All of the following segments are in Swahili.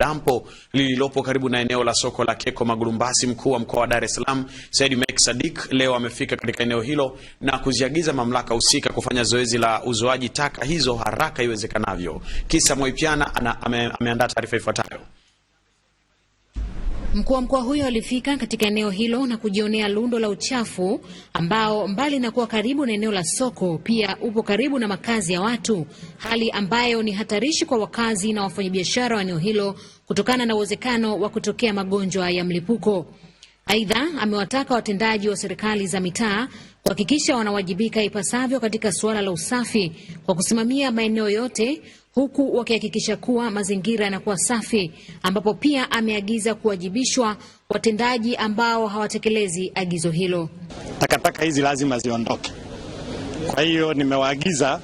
dampo lililopo karibu na eneo la soko la Keko Magulumbasi. Mkuu wa mkoa wa Dar es Salaam Said Mek Sadik leo amefika katika eneo hilo na kuziagiza mamlaka husika kufanya zoezi la uzoaji taka hizo haraka iwezekanavyo. Kisa mwaipiana ameandaa taarifa ifuatayo. Mkuu wa mkoa huyo alifika katika eneo hilo na kujionea lundo la uchafu ambao mbali na kuwa karibu na eneo la soko, pia upo karibu na makazi ya watu, hali ambayo ni hatarishi kwa wakazi na wafanyabiashara wa eneo hilo kutokana na uwezekano wa kutokea magonjwa ya mlipuko. Aidha, amewataka watendaji wa serikali za mitaa kuhakikisha wanawajibika ipasavyo katika suala la usafi kwa kusimamia maeneo yote huku wakihakikisha kuwa mazingira yanakuwa safi, ambapo pia ameagiza kuwajibishwa watendaji ambao hawatekelezi agizo hilo. Takataka hizi lazima ziondoke. Kwa hiyo nimewaagiza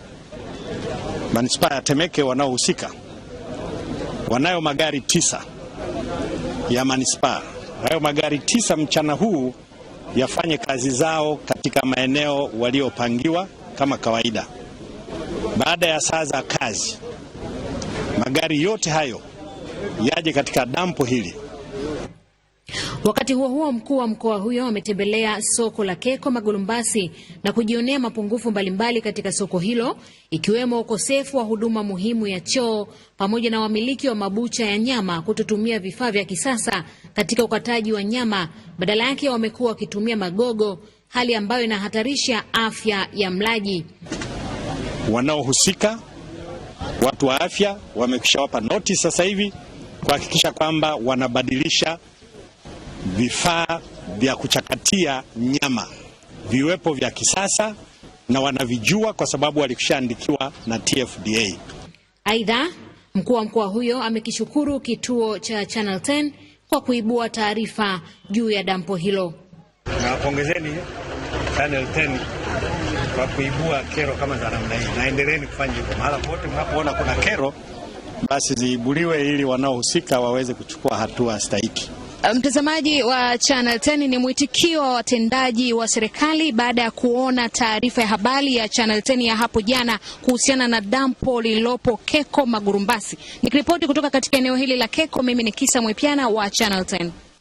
manispaa ya Temeke wanaohusika, wanayo magari tisa ya manispaa hayo magari tisa mchana huu yafanye kazi zao katika maeneo waliopangiwa kama kawaida. Baada ya saa za kazi, magari yote hayo yaje katika dampo hili Wakati huo huo, mkuu wa mkoa huyo ametembelea soko la Keko Magulumbasi na kujionea mapungufu mbalimbali katika soko hilo ikiwemo ukosefu wa huduma muhimu ya choo pamoja na wamiliki wa mabucha ya nyama kutotumia vifaa vya kisasa katika ukataji wa nyama, badala yake wamekuwa wakitumia magogo, hali ambayo inahatarisha afya ya mlaji. Wanaohusika watu wa afya wamekishawapa wapa noti sasa hivi kuhakikisha kwamba wanabadilisha vifaa vya kuchakatia nyama viwepo vya kisasa na wanavijua kwa sababu walishaandikiwa na TFDA. Aidha, mkuu wa mkoa huyo amekishukuru kituo cha Channel 10 kwa kuibua taarifa juu ya dampo hilo. Nawapongezeni Channel 10 kwa kuibua kero kama za namna hii, naendeleeni kufanya hivyo. Mahala pote mnapoona kuna kero, basi ziibuliwe ili wanaohusika waweze kuchukua hatua stahiki. Mtazamaji wa Channel 10, ni mwitikio wa watendaji wa serikali baada ya kuona taarifa ya habari ya Channel 10 ya hapo jana kuhusiana na dampo lililopo Keko Magurumbasi. Nikiripoti kutoka katika eneo hili la Keko, mimi ni Kisa Mwepiana wa Channel 10.